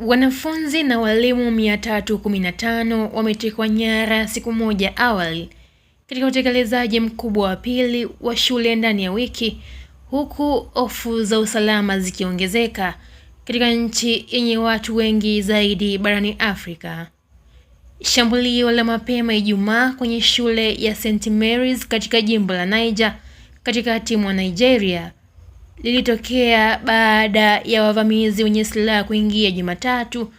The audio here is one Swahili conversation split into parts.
Wanafunzi na walimu 315 wametekwa nyara siku moja awali katika utekelezaji mkubwa wa pili wa shule ndani ya wiki, huku hofu za usalama zikiongezeka katika nchi yenye watu wengi zaidi barani Afrika. Shambulio la mapema Ijumaa kwenye shule ya St Mary's katika jimbo la Niger katikati mwa Nigeria lilitokea baada ya wavamizi wenye silaha kuingia Jumatatu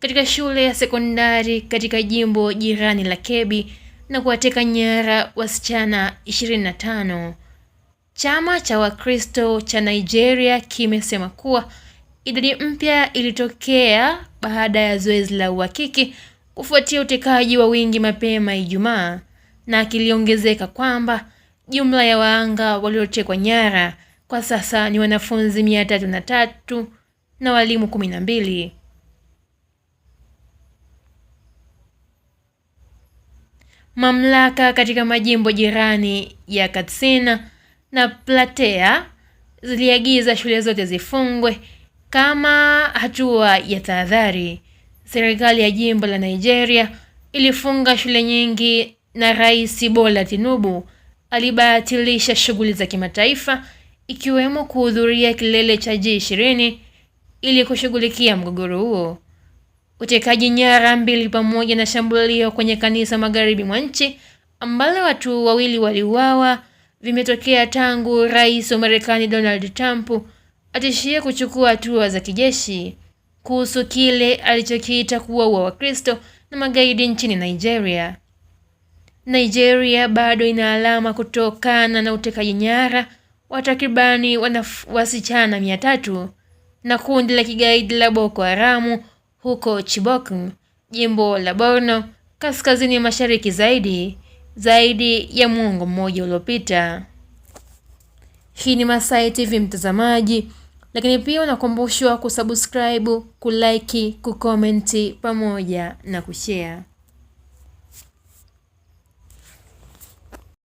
katika shule ya sekondari katika jimbo jirani la Kebbi na kuwateka nyara wasichana 25. Chama cha Wakristo cha Nigeria kimesema kuwa idadi mpya ilitokea baada ya zoezi la uhakiki kufuatia utekaji wa wingi mapema Ijumaa, na kiliongezeka kwamba jumla ya wahanga waliotekwa nyara kwa sasa ni wanafunzi mia tatu na tatu na walimu kumi na mbili. Mamlaka katika majimbo jirani ya Katsina na Platea ziliagiza shule zote zifungwe kama hatua ya tahadhari. Serikali ya jimbo la Nigeria ilifunga shule nyingi na Rais Bola Tinubu alibatilisha shughuli za kimataifa ikiwemo kuhudhuria kilele cha G20 ili kushughulikia mgogoro huo. Utekaji nyara mbili pamoja na shambulio kwenye kanisa magharibi mwa nchi ambalo watu wawili waliuawa vimetokea tangu rais wa Marekani Donald Trump atishie kuchukua hatua za kijeshi kuhusu kile alichokiita kuwaua Wakristo na magaidi nchini Nigeria. Nigeria bado ina alama kutokana na utekaji nyara wa takribani wasichana mia tatu na kundi la kigaidi la Boko Haramu huko Chibok, jimbo la Borno kaskazini mashariki zaidi zaidi ya muongo mmoja uliopita. Hii ni Masai TV mtazamaji, lakini pia unakumbushwa kusubscribe, kulike, kukomenti pamoja na kushare.